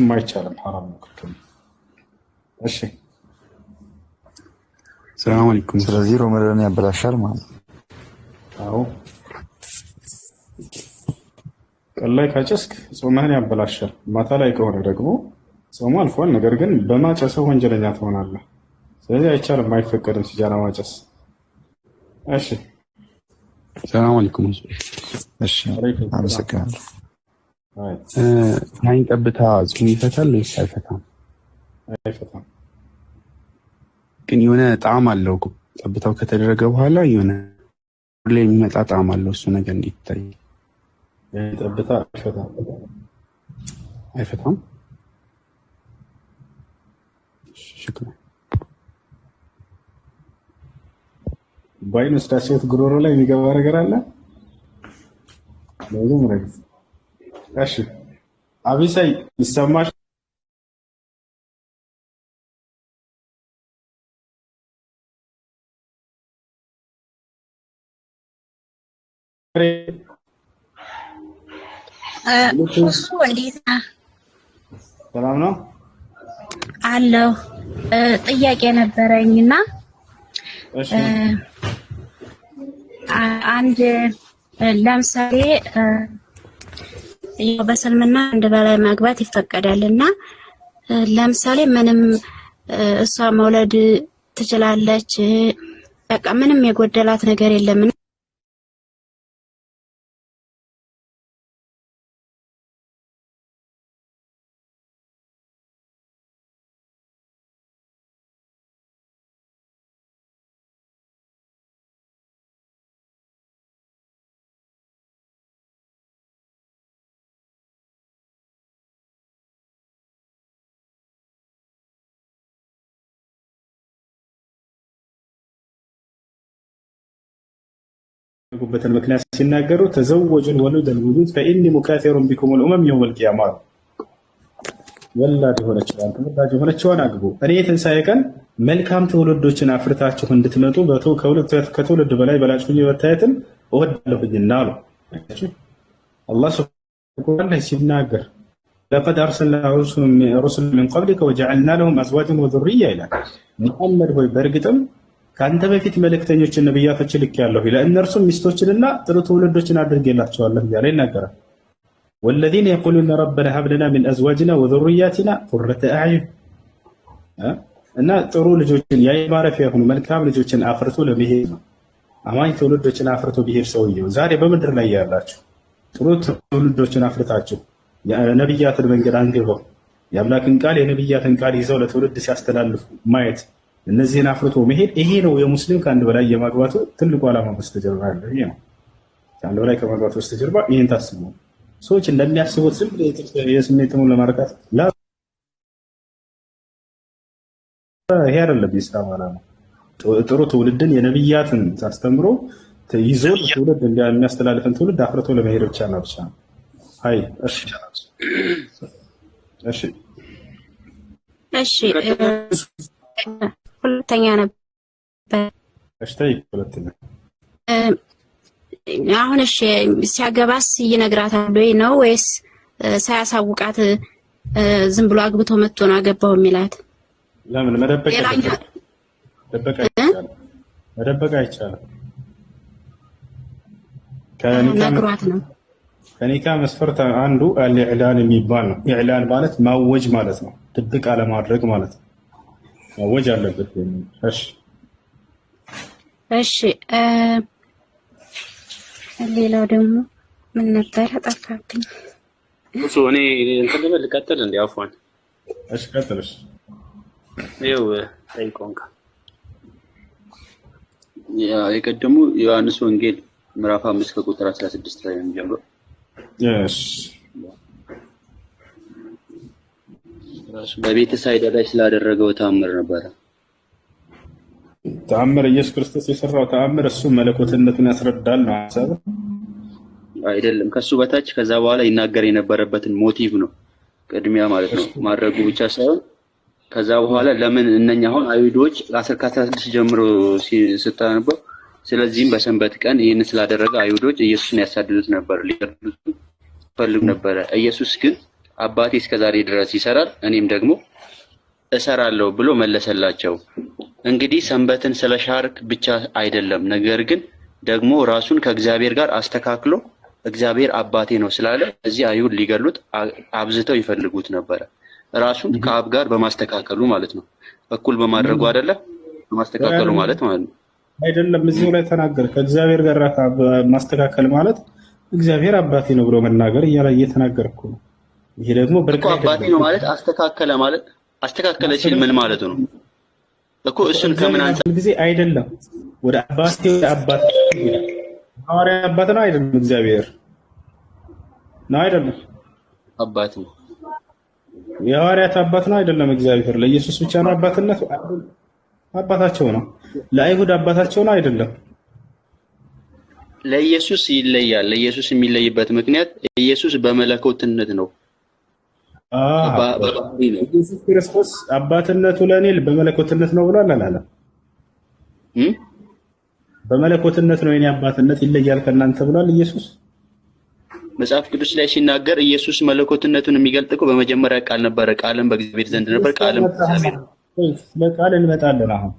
ማለትም አይቻልም። ሐራም ነው ክልክል። እሺ ሰላም አለይኩም። ስለዚህ ሮመዳን ያበላሻል ማለት አዎ ቀን ላይ ካጨስክ ጾምህን ያበላሻል። ማታ ላይ ከሆነ ደግሞ ጾሙ አልፏል፣ ነገር ግን በማጨሰው ወንጀለኛ ትሆናለህ። ስለዚህ አይቻልም፣ አይፈቀድም ሲጃራ ማጨስ። እሺ ሰላም አለይኩም። እሺ አመሰግናለሁ። ፀሐይን ጠብታ ጾም ይፈታል ወይስ አይፈታም? አይፈታም። ግን የሆነ ጣዕም አለው ጠብታው ከተደረገ በኋላ የሆነ ላይ የሚመጣ ጣዕም አለው። እሱ ነገር እንዴት ይታያል? ጠብታ አይፈታም። አይፈታም። ጉሮሮ ላይ የሚገባ ነገር አለ ለዚም ረግዝ እሺ አቢሳይ ይሰማሽ? ሰላም ነው አለው። ጥያቄ ነበረኝ እና አንድ ለምሳሌ በስልምና አንድ በላይ ማግባት ይፈቀዳል እና ለምሳሌ ምንም እሷ መውለድ ትችላለች። በቃ ምንም የጎደላት ነገር የለምና ጉበትን ምክንያት ሲናገሩ ተዘወጁን ወሉደል ውሉድ ፈኢኒ ሙካፊሩን ቢኩም ልኡመም የውመል ቂያማ ነው። ወላድ የሆነችዋን ተወላጅ የሆነችዋን አግቡ። እኔ የትንሣኤ ቀን መልካም ትውልዶችን አፍርታችሁ እንድትመጡ ከትውልድ በላይ በላጭሁኝ መታየትን እወዳለሁኝና አሉ። አላህ ሱብሓነሁ ሲናገር ለቀድ አርሰልና ሩሱል ሚን ቀብሊከ ወጀዐልና ለሁም አዝዋጅን ወዙርያ ይላል። ሙሐመድ ሆይ በእርግጥም ከአንተ በፊት መልእክተኞችን ነብያቶች ልክ ያለሁ ለእነርሱም ሚስቶችንና ጥሩ ትውልዶችን አድርጌላቸዋለሁ እያለ ይናገራል። ወለዚነ የቁሉነ ረበና ሀብለና ሚን አዝዋጅና ወዘሩያቲና ቁረተ አዕዩን እና ጥሩ ልጆችን ያይ ማረፊያ የሆኑ መልካም ልጆችን አፍርቶ ለመሄድ ነው። አማኝ ትውልዶችን አፍርቶ ቢሄድ ሰውየው ዛሬ በምድር ላይ ያላችሁ ጥሩ ትውልዶችን አፍርታችሁ የነብያትን መንገድ አንግበው የአምላክን ቃል የነብያትን ቃል ይዘው ለትውልድ ሲያስተላልፉ ማየት እነዚህን አፍርቶ መሄድ ይሄ ነው የሙስሊም ከአንድ በላይ የማግባቱ ትልቁ ዓላማ በስተጀርባ ያለ ይሄ ነው። ከአንድ በላይ ከማግባቱ በስተጀርባ ይህን ታስቡ። ሰዎች እንደሚያስቡት ዝም ብሎ የስሜት ለማርካት ይሄ አይደለም የኢስላም ዓላማ። ጥሩ ትውልድን የነብያትን አስተምሮ ይዞ ትውልድ የሚያስተላልፍን ትውልድ አፍርቶ ለመሄድ ብቻ ና ብቻ ነው። አይ እሺ፣ እሺ፣ እሺ ሁለተኛ ነበር። እሺ ጠይቅ። ሁለተኛ አሁን እሺ፣ ሲያገባስ ይነግራታል ወይ ነው ወይስ ሳያሳውቃት ዝም ብሎ አግብቶ መጥቶ ነው አገባው የሚላት? ለምን መደበቅ አይቻልም? መደበቅ አይቻልም። ከኒካ መስፈርት አንዱ አልኢዕላን የሚባል ነው። ኢዕላን ማለት ማወጅ ማለት ነው፣ ድብቅ አለማድረግ ማለት ነው። አወጅ አለበት። እሺ እሺ። ሌላው ደግሞ ምን ነበር? ጠፋብኝ። እሱ እኔ እንትን ልበል ልቀጥል? እንዴ? አፏን እሺ፣ ቀጥል። እሺ፣ ይኸው ጠይቆንካ የቀደሙ ዮሐንስ ወንጌል ምዕራፍ አምስት ከቁጥር አስራ ስድስት ላይ ነው የሚጀምረው። እሺ በቤተ ሳይዳ ላይ ስላደረገው ተአምር ነበረ። ተአምር ኢየሱስ ክርስቶስ የሰራው ተአምር እሱ መለኮትነቱን ያስረዳል ነው ሀሳብ አይደለም። ከሱ በታች ከዛ በኋላ ይናገር የነበረበትን ሞቲቭ ነው ቅድሚያ ማለት ነው ማድረጉ ብቻ ሳይሆን ከዛ በኋላ ለምን እነኛ አሁን አይሁዶች ከአስራ ስድስት ጀምሮ ስታነበው ስለዚህም በሰንበት ቀን ይህን ስላደረገ አይሁዶች ኢየሱስን ያሳድዱት ነበር፣ ሊገድሉት ይፈልጉ ነበረ። ኢየሱስ ግን አባቴ እስከዛሬ ድረስ ይሰራል እኔም ደግሞ እሰራለሁ ብሎ መለሰላቸው። እንግዲህ ሰንበትን ስለ ሻርክ ብቻ አይደለም፣ ነገር ግን ደግሞ ራሱን ከእግዚአብሔር ጋር አስተካክሎ እግዚአብሔር አባቴ ነው ስላለ እዚህ አይሁድ ሊገሉት አብዝተው ይፈልጉት ነበረ። ራሱን ከአብ ጋር በማስተካከሉ ማለት ነው። እኩል በማድረጉ አይደለ? በማስተካከሉ ማለት ማለት ነው አይደለም። እዚሁ ላይ ተናገር። ከእግዚአብሔር ጋር ማስተካከል ማለት እግዚአብሔር አባቴ ነው ብሎ መናገር እያለ እየተናገርኩ ነው ይሄ ደግሞ አባቴ ነው ማለት አስተካከለ ማለት አስተካከለ ሲል ምን ማለት ነው እኮ? እሱን ከምን አንጻር ጊዜ አይደለም ወደ አባቴ ወደ አባቴ ሐዋርያ አባት ነው አይደለም? እግዚአብሔር ነው አይደለም? አባት ነው የሐዋርያት አባት ነው አይደለም? እግዚአብሔር ለኢየሱስ ብቻ ነው አባትነት አባታቸው ነው። ለአይሁድ አባታቸው ነው አይደለም? ለኢየሱስ ይለያል። ለኢየሱስ የሚለይበት ምክንያት ኢየሱስ በመለኮትነት ነው ኢየሱስ ክርስቶስ አባትነቱ ለእኔ በመለኮትነት ነው ብሏል አላለም? በመለኮትነት ነው የኔ አባትነት ይለያል ከእናንተ ብሏል ኢየሱስ። መጽሐፍ ቅዱስ ላይ ሲናገር ኢየሱስ መለኮትነቱን የሚገልጥ እኮ በመጀመሪያ ቃል ነበረ፣ ቃልም በእግዚአብሔር ዘንድ ነበር፣ ቃልም ስለ እንመጣለን። አሁን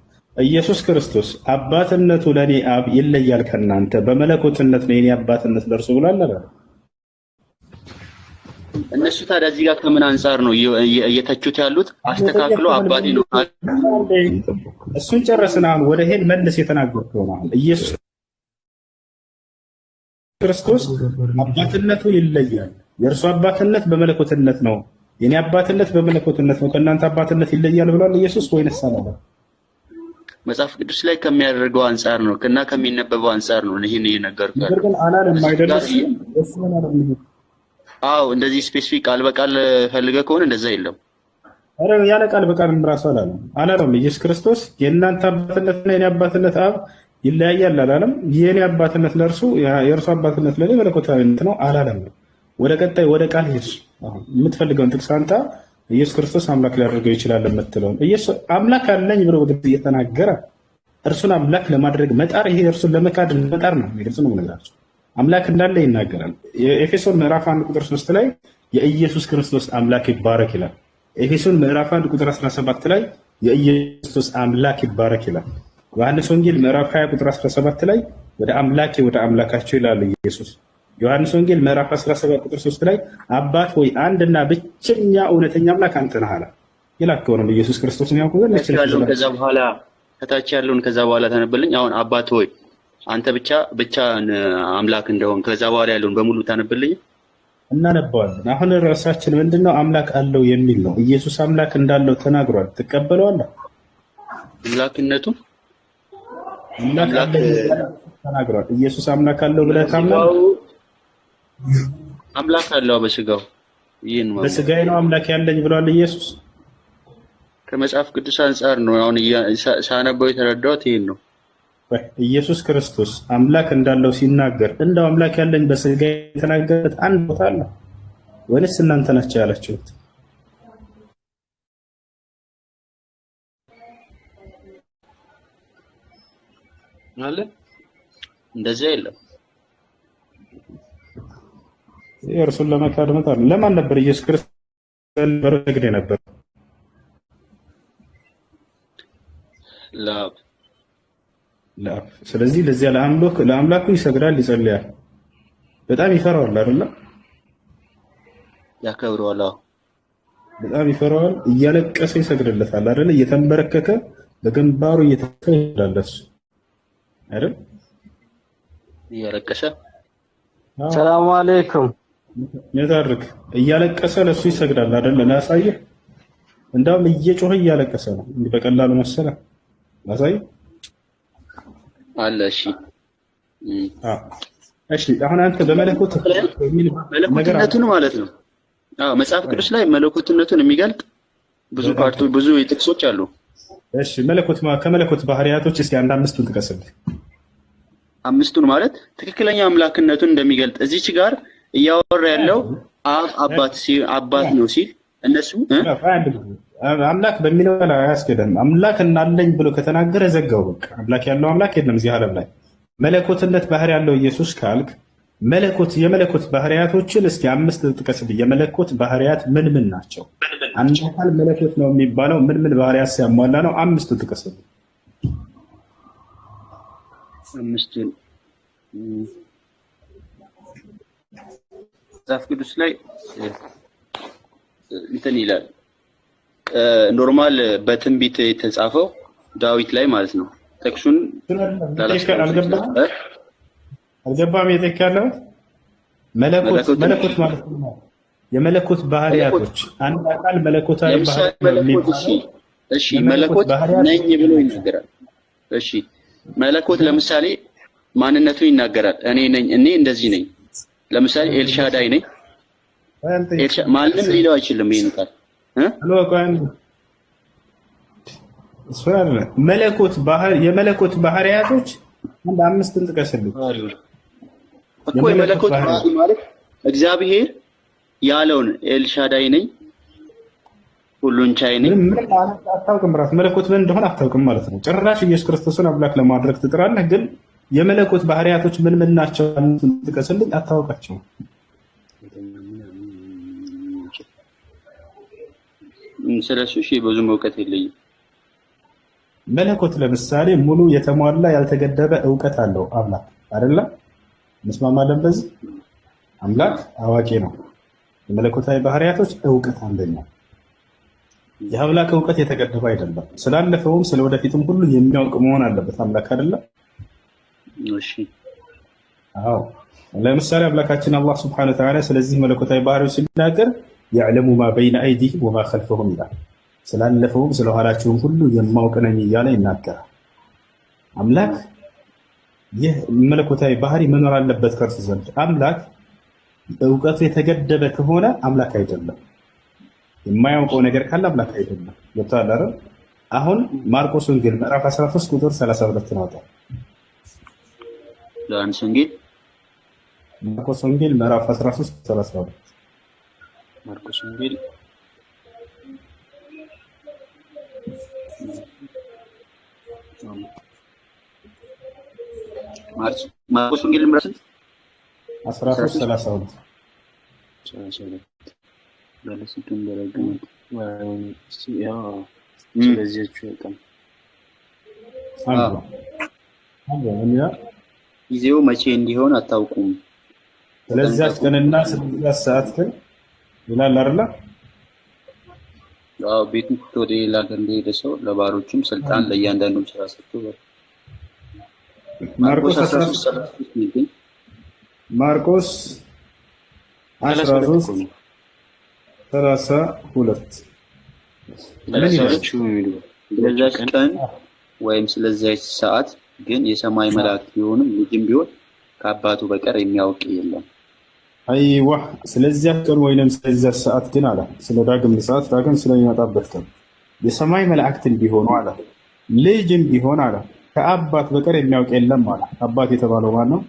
ኢየሱስ ክርስቶስ አባትነቱ ለእኔ አብ ይለያል ከእናንተ በመለኮትነት ነው የኔ አባትነት ለእርሱ ብሏል አላለም? እነሱ ታዲያ እዚህ ጋር ከምን አንጻር ነው እየተቹት ያሉት? አስተካክሎ አባቴ ነው እሱን ጨረስን። አሁን ወደ ሄል መልስ የተናገርከው ነው ኢየሱስ ክርስቶስ አባትነቱ ይለያል። የእርሱ አባትነት በመለኮትነት ነው፣ የኔ አባትነት በመለኮትነት ነው። ከእናንተ አባትነት ይለያል ብሏል ኢየሱስ ወይነሳ ነበር መጽሐፍ ቅዱስ ላይ ከሚያደርገው አንጻር ነው እና ከሚነበበው አንጻር ነው ይህን ግን እየነገርኩህ አዎ እንደዚህ ስፔሲፊክ ቃል በቃል ፈልገ ከሆነ እንደዛ የለም። አረ ያለ ቃል በቃል ራሱ አላለም አላለም። ኢየሱስ ክርስቶስ የእናንተ አባትነትና የኔ አባትነት አብ ይለያያል አላለም። የኔ አባትነት ለእርሱ የእርሱ አባትነት ለእኔ መለኮታዊነት ነው አላለም። ወደ ቀጣይ ወደ ቃል ሄድ። የምትፈልገውን ጥቅስ አንተ ኢየሱስ ክርስቶስ አምላክ ሊያደርገው ይችላል የምትለውን አምላክ አለኝ ብሎ በግልጽ እየተናገረ እርሱን አምላክ ለማድረግ መጣር ይሄ እርሱን ለመካድ መጣር ነው። ግልጽ ነው ነገራቸው አምላክ እንዳለ ይናገራል። የኤፌሶን ምዕራፍ 1 ቁጥር 3 ላይ የኢየሱስ ክርስቶስ አምላክ ይባረክ ይላል። ኤፌሶን ምዕራፍ 1 ቁጥር 17 ላይ የኢየሱስ ክርስቶስ አምላክ ይባረክ ይላል። ዮሐንስ ወንጌል ምዕራፍ 20 ቁጥር 17 ላይ ወደ አምላኬ ወደ አምላካቸው ይላል ኢየሱስ። ዮሐንስ ወንጌል ምዕራፍ 17 ቁጥር 3 ላይ አባት ሆይ አንድና ብቸኛ እውነተኛ አምላክ አንተ ነህ አለ። የላከው ነው ኢየሱስ ክርስቶስ ነው ያውቁ ዘንድ ይችላል። ከዛ በኋላ ከታች ያለውን ከዛ በኋላ ተነበልኝ አሁን አባት ሆይ አንተ ብቻ ብቻ አምላክ እንደሆን ከዛ በኋላ ያለውን በሙሉ ታነብልኝ። እናነባዋለን። አሁን ርዕሳችን ምንድን አምላክ አለው የሚል ነው። ኢየሱስ አምላክ እንዳለው ተናግሯል። ትቀበለዋለህ? አምላክነቱ አምላክ ተናግሯል። ኢየሱስ አምላክ አለው ብለህ ታምናለህ? አምላክ አለው በስጋው ይህን በስጋዬ ነው አምላክ ያለኝ ብሏል ኢየሱስ። ከመጽሐፍ ቅዱስ አንጻር ነው አሁን ሳነበው የተረዳሁት ይህን ነው። ኢየሱስ ክርስቶስ አምላክ እንዳለው ሲናገር እንደው አምላክ ያለኝ በስጋ የተናገረት አንድ ቦታ አለ ወይንስ እናንተ ናቸው ያላችሁት? አለ እንደዚህ የለም። እርሱን ለመካድ መጣል ለማን ነበር? ኢየሱስ ክርስቶስ ነበር ነበር ለአብ ስለዚህ ለዚያ ለአምላክ ለአምላኩ ይሰግዳል፣ ይጸልያል፣ በጣም ይፈራዋል። አይደለ? ያከብረዋል። በጣም ይፈራዋል። እያለቀሰ ይሰግድለታል አይደለ? እየተንበረከከ በግንባሩ እየተሰግዳል ለሱ አይደል? እያለቀሰ ሰላም አለይኩም ነታርክ እያለቀሰ ለሱ ይሰግዳል አይደለ? ላሳየህ። እንዳውም እየጮኸ እያለቀሰ ነው። በቀላሉ መሰለህ ላሳየህ አለ። እሺ እሺ። አሁን አንተ በመለኮት መለኮትነቱን ማለት ነው። አዎ መጽሐፍ ቅዱስ ላይ መለኮትነቱን የሚገልጥ ብዙ ፓርቶ ብዙ ጥቅሶች አሉ። እሺ መለኮት ከመለኮት ባህሪያቶች እስኪ አንድ አምስቱን ጥቀስልኝ። አምስቱን ማለት ትክክለኛ አምላክነቱን እንደሚገልጥ እዚች ጋር እያወራ ያለው አብ አባት ነው ሲል እነሱ አምላክ በሚለው ላይ አያስገደም። አምላክ እናለኝ ብሎ ከተናገረ ዘጋው። በቃ አምላክ ያለው አምላክ የለም እዚህ ዓለም ላይ። መለኮትነት ባህር ያለው ኢየሱስ ካልክ መለኮት የመለኮት ባህርያቶችን እስኪ አምስት ጥቀስ። የመለኮት ባህርያት ምን ምን ናቸው? አንድ አካል መለኮት ነው የሚባለው ምን ምን ባህሪያት ሲያሟላ ነው? አምስት ጥቀስ። አምስቱን መጽሐፍ ቅዱስ ላይ እንትን ይላል ኖርማል በትንቢት የተጻፈው ዳዊት ላይ ማለት ነው። ጥቅሱን አልገባም። የጠየቅ ያለው መለኮት ማለት ነው። የመለኮት ባህሪያቶች አንድ አካል መለኮታዊ እሺ፣ መለኮት ነኝ ብሎ ይናገራል። እሺ፣ መለኮት ለምሳሌ ማንነቱን ይናገራል። እኔ ነኝ፣ እኔ እንደዚህ ነኝ። ለምሳሌ ኤልሻዳይ ነኝ። ማንም ሊለው አይችልም ይሄን ቃል መለኮት የመለኮት ባህሪያቶች አንድ እኮ የመለኮት ባህሪ ማለት እግዚአብሔር ያለውን ኤልሻዳይ ነኝ ሁሉን ቻይ ነኝ አታውቅም። ራስ መለኮት ምን እንደሆነ አታውቅም ማለት ነው። ጭራሽ ኢየሱስ ክርስቶስን አምላክ ለማድረግ ትጥራለህ፣ ግን የመለኮት ባህሪያቶች ምን ምን ናቸው? እንጥቀስልኝ። አታውቃቸውም ስለ እሱ ብዙም እውቀት የለኝም። መለኮት ለምሳሌ ሙሉ የተሟላ ያልተገደበ እውቀት አለው አምላክ አይደለም? እንስማማለን በዚህ አምላክ አዋቂ ነው። የመለኮታዊ ባህሪያቶች እውቀት አንደኛው። የአምላክ እውቀት የተገደበ አይደለም። ስላለፈውም ስለወደፊትም ሁሉ የሚያውቅ መሆን አለበት አምላክ አይደለም? እሺ አዎ። ለምሳሌ አምላካችን አላህ ስብሐነ ወተዓላ ስለዚህ መለኮታዊ ባህሪዎች ሲናገር የዕለሙ ማ በይነ አይዲህም ወማ ከልፈሁም ይላል። ስላለፈውም ስለኋላቸውም ሁሉ የማውቅ ነኝ እያለ ይናገራል። አምላክ ይህ መለኮታዊ ባህሪ መኖር አለበት ከእርሱ ዘንድ። አምላክ እውቀቱ የተገደበ ከሆነ አምላክ አይደለም። የማያውቀው ነገር ካለ አምላክ አይደለም። ገብተዋል። አሁን ማርቆስ ወንጌል ምዕራፍ 13 ቁጥር 32 ናውጣ ዮሐንስ ወንጌል ማርቆስ ወንጌል ምዕራፍ 13 32 ማርቆስ ወንጌል ማርቆስ ወንጌል ምዕራፍ ስንት? አስራ ሦስት ሰላሳ ሁለት ባለስልጣን በረግነት ስለዚያች በጣም ጊዜው መቼ እንዲሆን አታውቁም። ስለዚያች ቀንና ስለዚያች ሰዓት ግን ይላል አይደለ? አዎ ቤቱ ወደ ሌላ ሀገር እንደሄደ ሰው ለባሮቹም ስልጣን ለእያንዳንዱም ስራ ሰጥቶ ማርቆስ 13 ሁለት ቀን ወይም ሰዓት ግን የሰማይ መላእክት ቢሆንም ልጅም ቢሆን ከአባቱ በቀር የሚያውቅ የለም። አይዋ ስለዚያ ቀን ወይንም ስለዚያ ሰዓት ግን አለ ስለ ዳግም ሰዓት ዳግም ስለሚመጣበት ቀን የሰማይ መላእክትን ቢሆኑ አለ ልጅም ቢሆን አለ ከአባት በቀር የሚያውቅ የለም አለ። አባት የተባለው ማን ነው?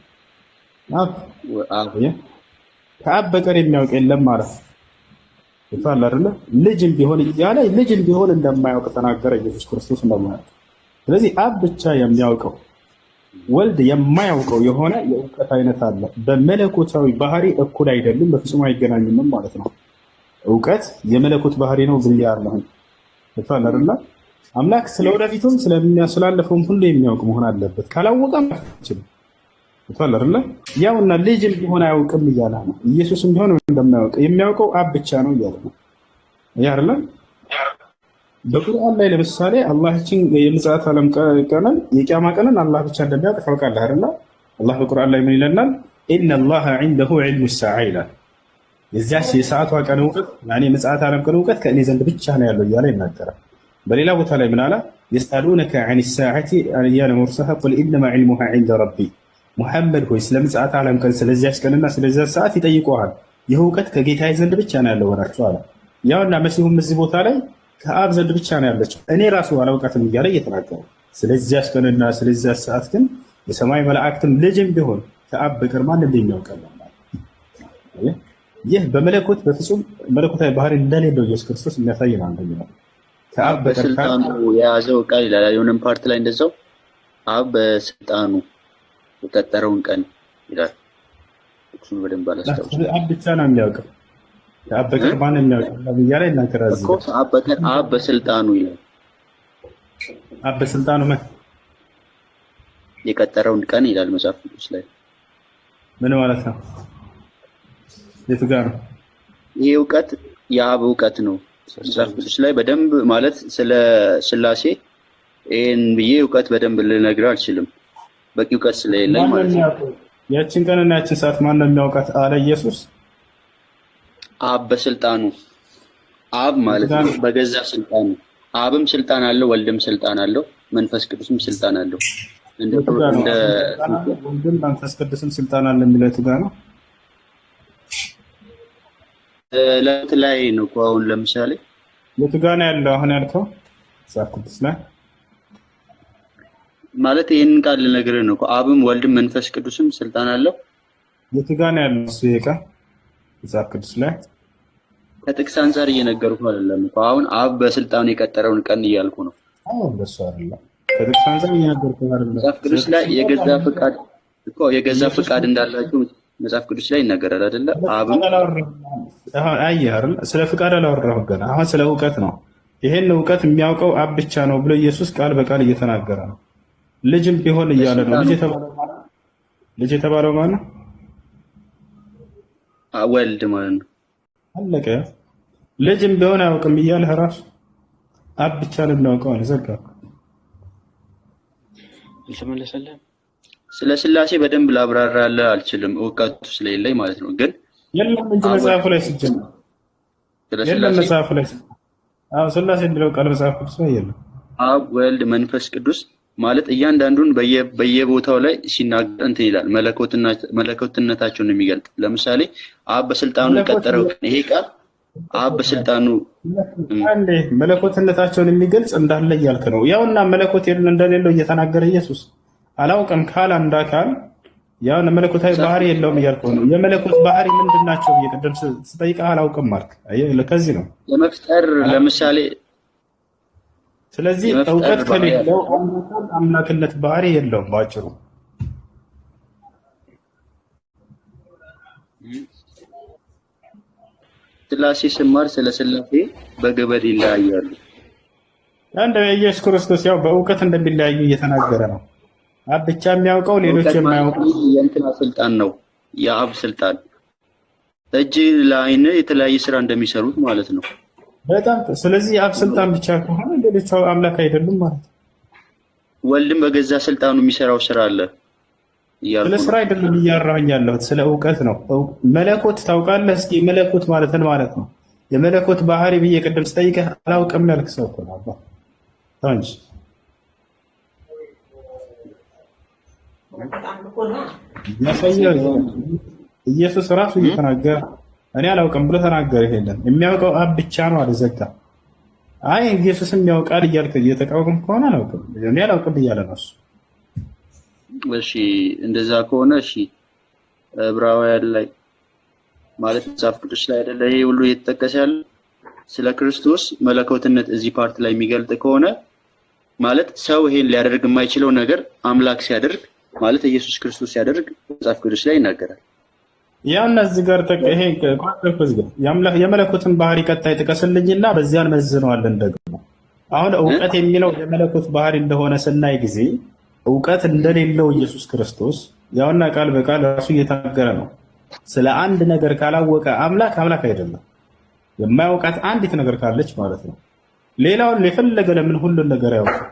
ከአብ በቀር የሚያውቅ የለም አለ። ይፋል አይደለ? ልጅም ቢሆን እያለ ልጅም ቢሆን እንደማያውቅ ተናገረ ኢየሱስ ክርስቶስ እንደማያውቅ። ስለዚህ አብ ብቻ የሚያውቀው ወልድ የማያውቀው የሆነ የእውቀት አይነት አለ። በመለኮታዊ ባህሪ እኩል አይደሉም፣ በፍጹም አይገናኙም ማለት ነው። እውቀት የመለኮት ባህሪ ነው ብዬ አለሁ አይደለ? አምላክ ወደፊቱም ስላለፈውም ሁሉ የሚያውቅ መሆን አለበት። ካላወቀ አይችልም። አይደለ? ያውና ልጅም ቢሆን አያውቅም እያለ ነው። ኢየሱስም ቢሆን እንደማያውቅ የሚያውቀው አብ ብቻ ነው እያለ ነው። በቁርአን ላይ ለምሳሌ አላህችን የምጽአት ዓለም ቀንን የቂያማ ቀንን አላህ ብቻ እንደሚያውቅ ታውቃለህ አይደል? አላህ በቁርአን ላይ ምን ይለናል? ኢነላህ ዒንደሁ ዒልሙ ሰዓ ይላል። የዚያች የሰዓቷ ቀን እውቀት ያኔ የምጽአት ዓለም ቀን እውቀት ከእኔ ዘንድ ብቻ ነው ያለው እያለ ይናገራል። በሌላ ቦታ ላይ ምን አለ? የስአሉነከ ዐን ሰዓቲ አያነ ሙርሰሃ ቁል ኢነማ ዒልሙሃ ዒንደ ረቢ። ሙሐመድ ሆይ ስለ ምጽአት ዓለም ቀን ስለዚያች ቀንና ስለዚያች ሰዓት ይጠይቀዋል። ይህ እውቀት ከጌታዬ ዘንድ ብቻ ነው ያለው በላቸው አለ። ያውና መሲሁም እዚህ ቦታ ላይ ከአብ ዘንድ ብቻ ነው ያለችው። እኔ ራሱ አላውቃትም እያለ እየተናገሩ ስለዚያች ቀንና ስለዚያች ሰዓት ግን የሰማይ መላእክትም ልጅም ቢሆን ከአብ በቀር ማን እንደሚያውቀል ይህ በመለኮት በፍጹም መለኮታዊ ባህሪ እንደሌለው ኢየሱስ ክርስቶስ የሚያሳይ ነው። አንደኛ ከአብ በቀር የያዘው ቃል ይላል። የሆነም ፓርት ላይ እንደዛው አብ በስልጣኑ የቀጠረውን ቀን ይላል። እሱን በደንብ አላስታውስም። አብ ብቻ ነው የሚያውቀው አበቀር ማንም ያውቃል እያለ ይናገራል። አበቀር አብ በስልጣኑ ይላል። አብ በስልጣኑ መ የቀጠረውን ቀን ይላል መጽሐፍ ቅዱስ ላይ ምን ማለት ነው? የቱ ጋር ነው ይሄ እውቀት? የአብ እውቀት ነው። መጽሐፍ ቅዱስ ላይ በደንብ ማለት ስለ ስላሴ ይህን ብዬ እውቀት በደንብ ልነግር አልችልም፣ በቂ እውቀት ስለሌለኝ ማለት ነው። ያችን ቀንና ያችን ሰዓት ማን ነው የሚያውቃት አለ ኢየሱስ አብ በስልጣኑ አብ ማለት ነው በገዛ ስልጣኑ። አብም ስልጣን አለው፣ ወልድም ስልጣን አለው፣ መንፈስ ቅዱስም ስልጣን አለው። እንደ ወልድም መንፈስ ቅዱስም ስልጣን አለ የሚለው የቱ ጋር ነው? ለት ላይ ነው እኮ አሁን ለምሳሌ የቱ ጋር ነው ያለው? አሁን ያልከው መጽሐፍ ቅዱስ ላይ ማለት ይህንን ቃል ልነግርህ ነው። አብም ወልድም መንፈስ ቅዱስም ስልጣን አለው የቱ ጋር ነው ያለው? እሱ ይሄ ቃል መጽሐፍ ቅዱስ ላይ ከጥቅስ አንጻር እየነገሩት አይደለም እኮ አሁን አብ በስልጣኑ የቀጠረውን ቀን እያልኩ ነው። በሱ አይደለም። ከጥቅስ አንጻር እየነገሩት አይደለም። መጽሐፍ ቅዱስ ላይ የገዛ ፍቃድ እኮ የገዛ ፍቃድ እንዳላችሁ መጽሐፍ ቅዱስ ላይ ይነገራል አይደለ? አብ አሁን አይ አይደል? ስለ ፍቃድ አላወራሁም ገና። አሁን ስለ እውቀት ነው። ይሄን እውቀት የሚያውቀው አብ ብቻ ነው ብሎ ኢየሱስ ቃል በቃል እየተናገረ ነው። ልጅም ቢሆን እያለ ነው። ልጅ የተባለው ልጅ የተባለው ማነው? ወልድ ማለት ነው። አለቀ። ልጅም ቢሆን አያውቅም እያለህ ራሱ አብ ብቻ ነው የምናውቀው ዘጋ። አልተመለሰልህም። ስለ ስላሴ በደንብ ላብራራልህ አልችልም፣ እውቀቱ ስለሌለኝ ማለት ነው። ግን የለም እንጂ መጽሐፉ ላይ ሲጀምር የለም መጽሐፉ ላይ ስላሴ የሚለው ቃል መጽሐፍ ቅዱስ ላይ የለም። አብ ወልድ መንፈስ ቅዱስ ማለት እያንዳንዱን በየቦታው ላይ ሲናገር እንትን ይላል መለኮትነታቸውን የሚገልጥ ለምሳሌ አብ በስልጣኑ የቀጠረው ይሄ ቃል አብ በስልጣኑ መለኮትነታቸውን የሚገልጽ እንዳለ እያልክ ነው። ያውና መለኮት እንደሌለው እየተናገረ ኢየሱስ አላውቅም ካል አንድ አካል ያው መለኮታዊ ባህሪ የለውም እያልክ ነው። የመለኮት ባህሪ ምንድን ናቸው? እየቀደም ስጠይቀህ አላውቅም አልክ። ከዚህ ነው ለመፍጠር ለምሳሌ ስለዚህ እውቀት ከሌለው አምላክነት ባህሪ የለውም ባጭሩ። ስላሴ ስማር ስለ ስላሴ በገበድ ይለያያሉ። እንደ ኢየሱስ ክርስቶስ ያው በእውቀት እንደሚለያዩ እየተናገረ ነው። አብ ብቻ የሚያውቀው ሌሎች የማያውቁ የእንትና ስልጣን ነው፣ የአብ ስልጣን እጅ ለአይን የተለያየ ስራ እንደሚሰሩት ማለት ነው። በጣም ስለዚህ የአብ ስልጣን ብቻ ከሆነ ሌሎች አምላክ አይደሉም ማለት ነው። ወልድም በገዛ ስልጣኑ የሚሰራው ስራ አለ። ስለ ስራ አይደለም እያወራሁኝ ያለሁት ስለ እውቀት ነው። መለኮት ታውቃለህ? እስኪ መለኮት ማለትን ማለት ነው። የመለኮት ባህሪ ብዬ ቅድም ስጠይቀህ አላውቅም ያልክ ሰው እኮ ኢየሱስ ራሱ እየተናገረ እኔ አላውቅም ብሎ ተናገረ። ይሄንን የሚያውቀው አብ ብቻ ነው አለ ዘጋ አይ ኢየሱስም ያውቃል እያልክ እየተቃወም ከሆነ አላውቅም እኔ አላውቅም እያለ ነው እሱ። እሺ እንደዛ ከሆነ እሺ ዕብራውያን ላይ ማለት መጽሐፍ ቅዱስ ላይ አይደለ ይሄ ሁሉ እየተጠቀሰ ያለ ስለ ክርስቶስ መለኮትነት እዚህ ፓርት ላይ የሚገልጥ ከሆነ ማለት ሰው ይሄን ሊያደርግ የማይችለው ነገር አምላክ ሲያደርግ ማለት ኢየሱስ ክርስቶስ ሲያደርግ መጽሐፍ ቅዱስ ላይ ይናገራል። ያና እዚህ ጋር ይሄ የመለኮትን ባህሪ ቀጣይ ጥቀስልኝና በዚያን መዝነዋለን። ደግሞ አሁን እውቀት የሚለው የመለኮት ባህሪ እንደሆነ ስናይ ጊዜ እውቀት እንደሌለው ኢየሱስ ክርስቶስ ያውና ቃል በቃል ራሱ እየተናገረ ነው። ስለ አንድ ነገር ካላወቀ አምላክ አምላክ አይደለም። የማያውቃት አንዲት ነገር ካለች ማለት ነው። ሌላውን የፈለገ ለምን ሁሉን ነገር ያውቃል።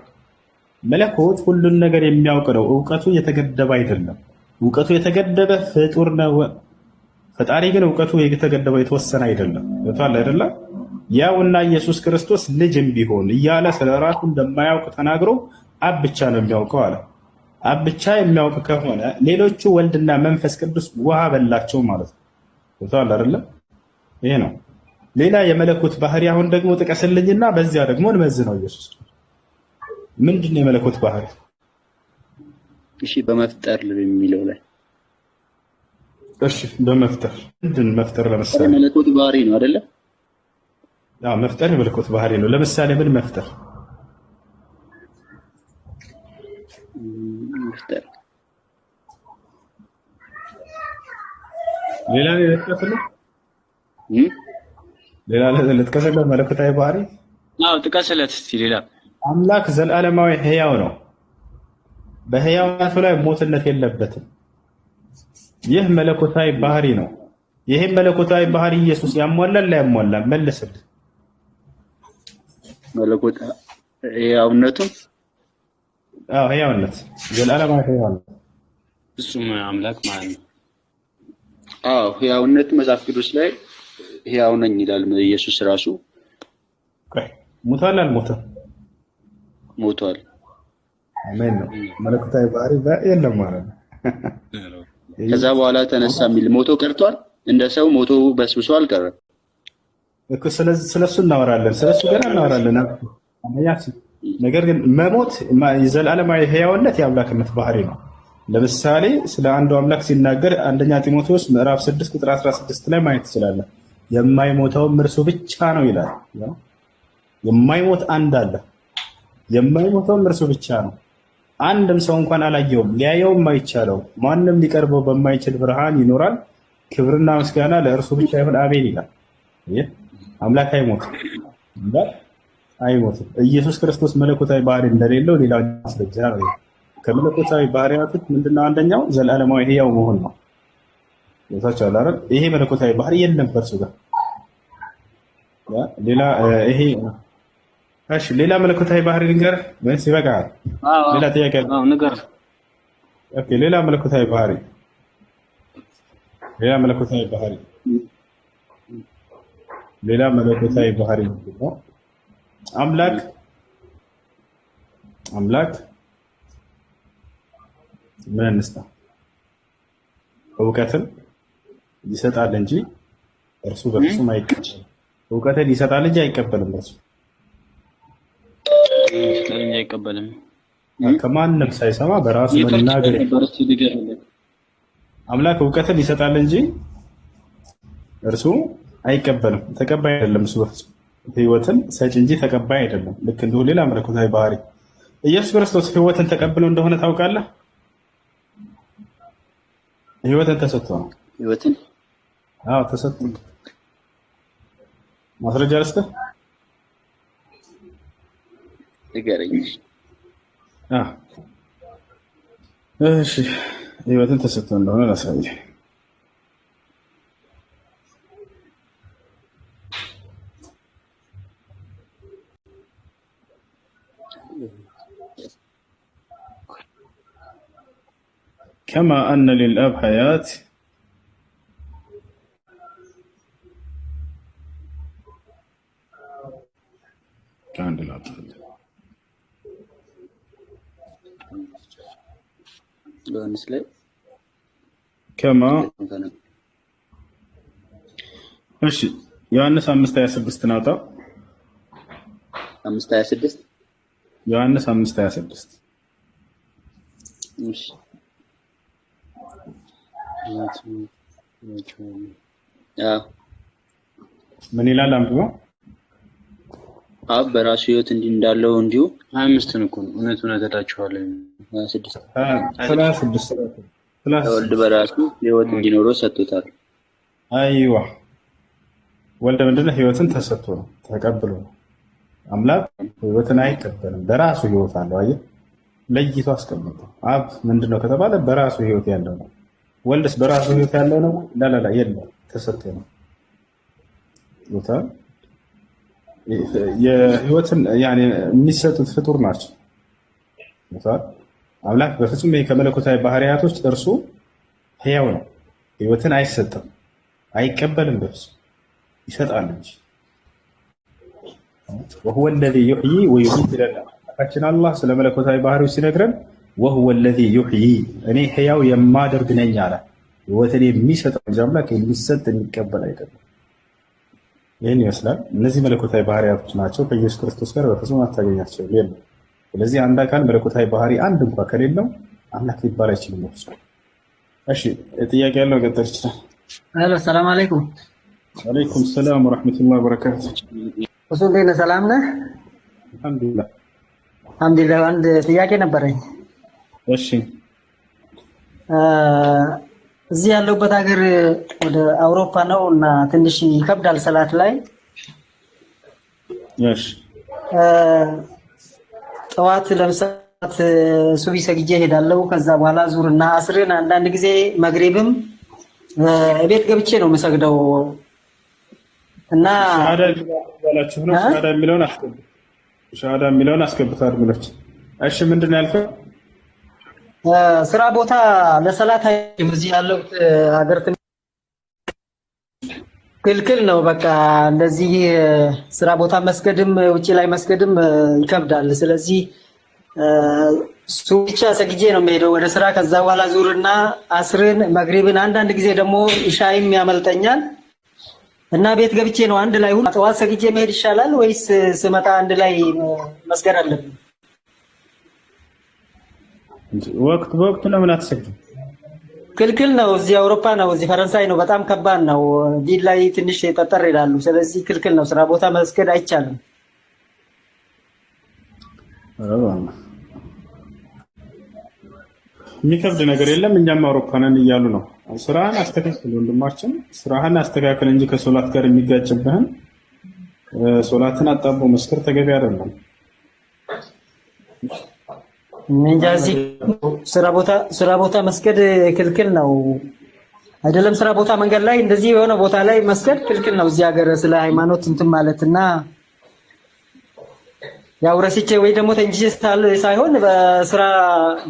መለኮት ሁሉን ነገር የሚያውቅ ነው። እውቀቱ የተገደበ አይደለም። እውቀቱ የተገደበ ፍጡር ነው። ፈጣሪ ግን እውቀቱ የተገደበው የተወሰነ አይደለም። ገብቷል አይደለ? ያውና ኢየሱስ ክርስቶስ ልጅም ቢሆን እያለ ስለ ራሱ እንደማያውቅ ተናግሮ አብ ብቻ ነው የሚያውቀው አለ። አብ ብቻ የሚያውቅ ከሆነ ሌሎቹ ወልድና መንፈስ ቅዱስ ውሃ በላቸው ማለት ነው። ገብቷል አይደለ? ይህ ነው። ሌላ የመለኮት ባህሪ አሁን ደግሞ ጥቀስልኝና በዚያ ደግሞ እንመዝ ነው ኢየሱስ ምንድን ነው የመለኮት ባህሪ? እሺ በመፍጠር የሚለው ላይ ايش بمفتر المفتر لمسالم ملكوت بارين ولا لا لا مفتر ملكوت بارينو لمسالم من مفتر مفتر ليلاني اللي تكسله؟ ليلاني اللي تكسله ملكوت اي باري؟ لا تكسلت في ليلان املاك زل ما حياو نو بهياو ناتو لا موت النت يلبتن ይህ መለኮታዊ ባህሪ ነው። ይህም መለኮታዊ ባህሪ ኢየሱስ ያሟላል ላያሟላም? መልስልህ። መለኮት ህያውነቱ አዎ፣ ህያውነት ዘላለም ህያውነት እሱም አምላክ ማለት ነው። አዎ፣ ህያውነት መጽሐፍ ቅዱስ ላይ ህያው ነኝ ይላል ኢየሱስ ራሱ። ሞቷል አልሞተም? ሞቷል። አሜን ነው። መለኮታዊ ባህሪ የለም ማለት ነው። ከዛ በኋላ ተነሳ የሚል ሞቶ ቀርቷል። እንደ ሰው ሞቶ በስብሶ አልቀረም እኮ። ስለሱ እናወራለን፣ ስለሱ ገና እናወራለን። ነገር ግን መሞት የዘላለማዊ ህያውነት የአምላክነት ባህሪ ነው። ለምሳሌ ስለ አንዱ አምላክ ሲናገር አንደኛ ጢሞቴዎስ ምዕራፍ 6 ቁጥር 16 ላይ ማየት ትችላለን። የማይሞተውም እርሱ ብቻ ነው ይላል። የማይሞት አንድ አለ። የማይሞተውም እርሱ ብቻ ነው። አንድም ሰው እንኳን አላየውም፣ ሊያየውም አይቻለው። ማንም ሊቀርበው በማይችል ብርሃን ይኖራል። ክብርና ምስጋና ለእርሱ ብቻ ይሁን አሜን ይላል። አምላክ አይሞትም፣ አይሞትም። ኢየሱስ ክርስቶስ መለኮታዊ ባህሪ እንደሌለው ሌላ ማስረጃ ነው። ከመለኮታዊ ባህሪያት ምንድነው? አንደኛው ዘላለማዊ ህያው መሆን ነው። ይታቻለ አይደል? ይሄ መለኮታዊ ባህሪ የለም በእርሱ ጋር ሌላ ይሄ እሺ ሌላ መለኮታዊ ባህሪ ንገር ወይስ ይበቃል? ሌላ ጥያቄ አለ? አዎ ንገር። ኦኬ ሌላ መለኮታዊ ባህሪ ሌላ መለኮታዊ ባህሪ ሌላ መለኮታዊ ባህሪ አምላክ አምላክ ምን እንስታ እውቀትን ይሰጣል እንጂ እርሱ በፍጹም አይቀበልም። እውቀትን ይሰጣል እንጂ አይቀበልም እርሱ ስለኛ አይቀበልም። ከማንም ሳይሰማ በራስ መናገር አምላክ እውቀትን ይሰጣል እንጂ እርሱ አይቀበልም። ተቀባይ አይደለም። እሱ በፍጹም ህይወትን ሰጭ እንጂ ተቀባይ አይደለም። ልክ እንዲሁ ሌላ መለኮታዊ ባህሪ ኢየሱስ ክርስቶስ ህይወትን ተቀብሎ እንደሆነ ታውቃለህ? ህይወትን ተሰጥቶ ነው። ህይወትን አዎ ተሰጥቶ ማስረጃ ልስጥህ اه ايش ايوه 3 كما أن للأب حياة كان للأب حياة ዮሐንስ ላይ ከማ እሺ ዮሐንስ 5:26 ዮሐንስ እሺ ምን ይላል? አንብቦ አብ በራሱ ህይወት እንዲህ እንዳለው እንዲሁ ሀያ አምስትን እኮ ነው። እውነት እውነት እላችኋለሁ ወልድ በራሱ ህይወት እንዲኖረው ሰጥቶታል። አይዋ ወልድ ምንድነው? ህይወትን ተሰጥቶ ነው ተቀብሎ ነው። አምላክ ህይወትን አይቀበልም። በራሱ ህይወት አለው። አየህ፣ ለይቶ አስቀምጦ አብ ምንድነው ከተባለ በራሱ ህይወት ያለው ነው። ወልድስ በራሱ ህይወት ያለው ነው? ላላላ የለም፣ ተሰጥቶ ነው የህይወትን የሚሰጡት ፍጡር ናቸው። አምላክ በፍጹም ከመለኮታዊ ባህሪያቶች እርሱ ህያው ነው። ህይወትን አይሰጥም፣ አይቀበልም። በፍጹም ይሰጣል እንጂ ወሁወ ለዚ ዩሕይ ወዩሚት ይለናል። አላህ ስለ መለኮታዊ ባህሪዎች ሲነግረን ወሁወ ለዚ ዩሕይ እኔ ህያው የማደርግ ነኝ አለ። ህይወትን የሚሰጠው እንጂ አምላክ የሚሰጥ የሚቀበል አይደለም። ይህን ይመስላል። እነዚህ መለኮታዊ ባህርያቶች ናቸው። ከኢየሱስ ክርስቶስ ጋር በፍጹም አታገኛቸው የለም። ስለዚህ አንድ አካል መለኮታዊ ባህሪ አንድ እንኳ ከሌለው አምላክ ሊባል አይችልም። እሺ፣ ጥያቄ ያለው ገጠር ይችላል። ሄሎ፣ ሰላም አለይኩም። አለይኩም ሰላም ወራህመቱላሂ ወበረካቱ። እሱ እንዴት ነህ? ሰላም ነህ? አልሐምዱሊላህ አልሐምዱሊላህ። አንድ ጥያቄ ነበረኝ። እሺ፣ እዚህ ያለሁበት ሀገር ወደ አውሮፓ ነው እና ትንሽ ይከብዳል ሰላት ላይ እሺ ጠዋት ለምሳት ሱቢ ሰግጄ ሄዳለሁ። ከዛ በኋላ ዙርና አስርን አንዳንድ ጊዜ መግሪብም ቤት ገብቼ ነው የምሰግደው እና ሻዳ የሚለውን አስገብታል ብለች። እሺ ምንድን ነው ያልከው? ስራ ቦታ ለሰላት እዚህ ያለው ሀገር ክልክል ነው። በቃ እንደዚህ ስራ ቦታ መስገድም ውጭ ላይ መስገድም ይከብዳል። ስለዚህ እሱ ብቻ ሰግጄ ነው የምሄደው ወደ ስራ። ከዛ በኋላ ዙርና አስርን፣ መግሪብን አንዳንድ ጊዜ ደግሞ ኢሻይም ያመልጠኛል እና ቤት ገብቼ ነው አንድ ላይ ሁሉ ጠዋት ሰግጄ መሄድ ይሻላል ወይስ ስመጣ አንድ ላይ መስገድ አለብን? ወቅት በወቅቱ ለምን አትሰግድም? ክልክል ነው። እዚህ አውሮፓ ነው፣ እዚህ ፈረንሳይ ነው። በጣም ከባድ ነው። ዲን ላይ ትንሽ ጠጠር ይላሉ። ስለዚህ ክልክል ነው። ስራ ቦታ መስገድ አይቻልም። የሚከብድ ነገር የለም። እኛም አውሮፓ ነን እያሉ ነው። ስራህን አስተካክል ወንድማችን፣ ስራህን አስተካክል እንጂ ከሶላት ጋር የሚጋጭብህን ሶላትን አጣቦ መስከር ተገቢ አይደለም። እንጃ እዚህ ስራ ቦታ ስራ ቦታ መስገድ ክልክል ነው አይደለም? ስራ ቦታ መንገድ ላይ እንደዚህ የሆነ ቦታ ላይ መስገድ ክልክል ነው እዚህ ሀገር። ስለ ሃይማኖት እንትን ማለትና ያው ረስቼ ወይ ደግሞ ተንጅ ሳይሆን በስራ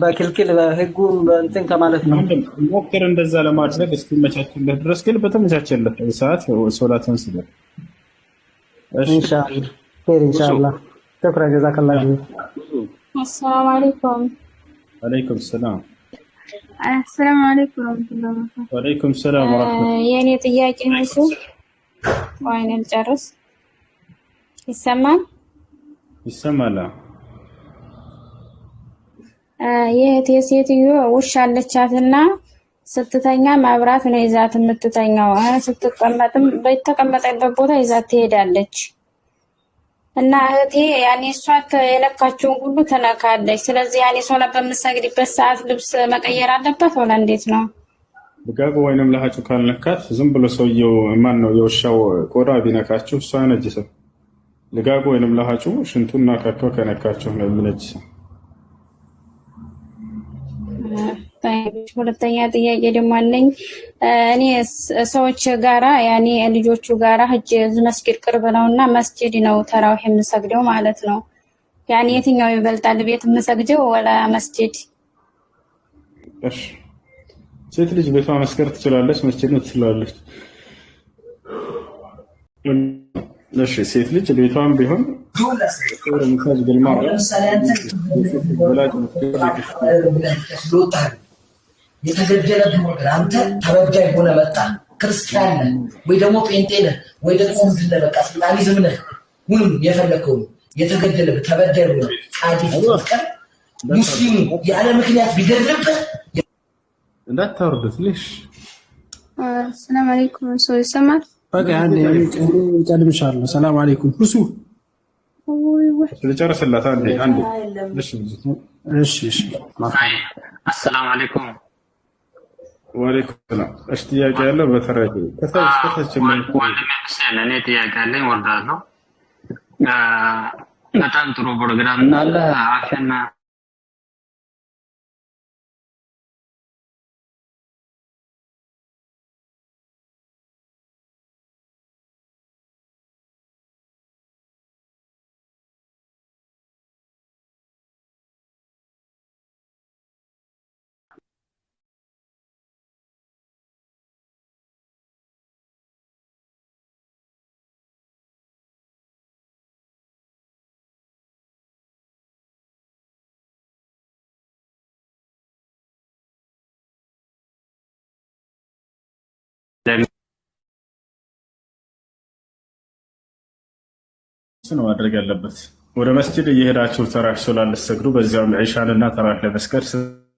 በክልክል በህጉ እንትን ከማለት ነው። ሞክር እንደዛ ለማድረግ እስኪመቻችልህ ድረስ ግን በተመቻቸልህ ሰዓት ሶላትን ስለ ኢንሻአላህ ኢንሻአላህ ተክራ ጀዛከላህ አሰላሙ አለይኩም። አለይኩም ሰላም። አሰላሙ አለይኩም ወአለይኩም ሰላም ጥያቄ እሱ ወይኔ ልጨርስ። ይሰማል? ይሰማል። eh, ውሻ አለቻትና ስትተኛ መብራት ነው ይዛት የምትተኛው። ስትቀመጥም በተቀመጠበት ቦታ ይዛት ትሄዳለች። እና እህቴ ያኔ እሷ የለካችውን ሁሉ ትነካለች። ስለዚህ ያኔ ሶላት በምሰግድበት ሰዓት ልብስ መቀየር አለበት ሆነ እንዴት ነው? ልቃቁ ወይንም ለሀጩ ካልነካት ዝም ብሎ ሰውየው ማን ነው የውሻው ቆዳ ቢነካችሁ እሷ ነጅሰው ልጋጎ ወይንም ለሀጩ ሽንቱ እና ካካ ከነካችሁ ነው የምነጅሰው ሁለተኛ ጥያቄ ደግሞ አለኝ። እኔ ሰዎች ጋራ ያኔ ልጆቹ ጋራ ህጅ መስጊድ ቅርብ ነው እና መስጂድ ነው ተራዊህ የምሰግደው ማለት ነው። ያኔ የትኛው ይበልጣል ቤት የምሰግደው ወላ መስጂድ? እሺ ሴት ልጅ ቤቷ መስገር ትችላለች፣ መስጂድ ነው ትችላለች። እሺ ሴት ልጅ ቤቷም ቢሆን ሰግድ ልማ የተገደለብህ ነገር አንተ ተበዳይ ሆነ መጣ ክርስቲያን ነህ ወይ ደግሞ ጴንጤ ነህ ወይ ደግሞ ምንድን ነህ? በቃ ስልጣኒዝም ነህ ሁሉም የፈለግከውን የተገደለብህ ተበዳይ ሆነ ቃዲፍ ቀር ሙስሊሙ ያለ ምክንያት ቢገድልብህ እንዳታወርዱት ልሽ ሰላም አለይኩም ሰው ይሰማል። በቃ ሰላም አለይኩም ሁሱ ልጨርስላት አንዴ አለይኩም ወአለይኩም ሰላም። እሺ ጥያቄ ያለው በተረፈ ከታች ከታች ወንድሜ ሁሴን፣ እኔ ጥያቄ አለኝ። ወርዳለሁ። በጣም ጥሩ ፕሮግራም እና አለ አፍያና ነው ማድረግ ያለበት። ወደ መስጅድ እየሄዳችሁ ተራሽ ሶላት ልትሰግዱ በዚያውም እና ተራሽ ለመስገድ